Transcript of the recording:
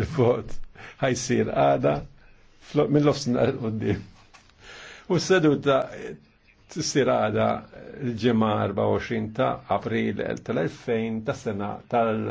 il-vot ħajsir għada minn lofsin għoddim. U s-seduta t-sir għada l-ġemma 24 ta' april tal-2000 ta' sena tal-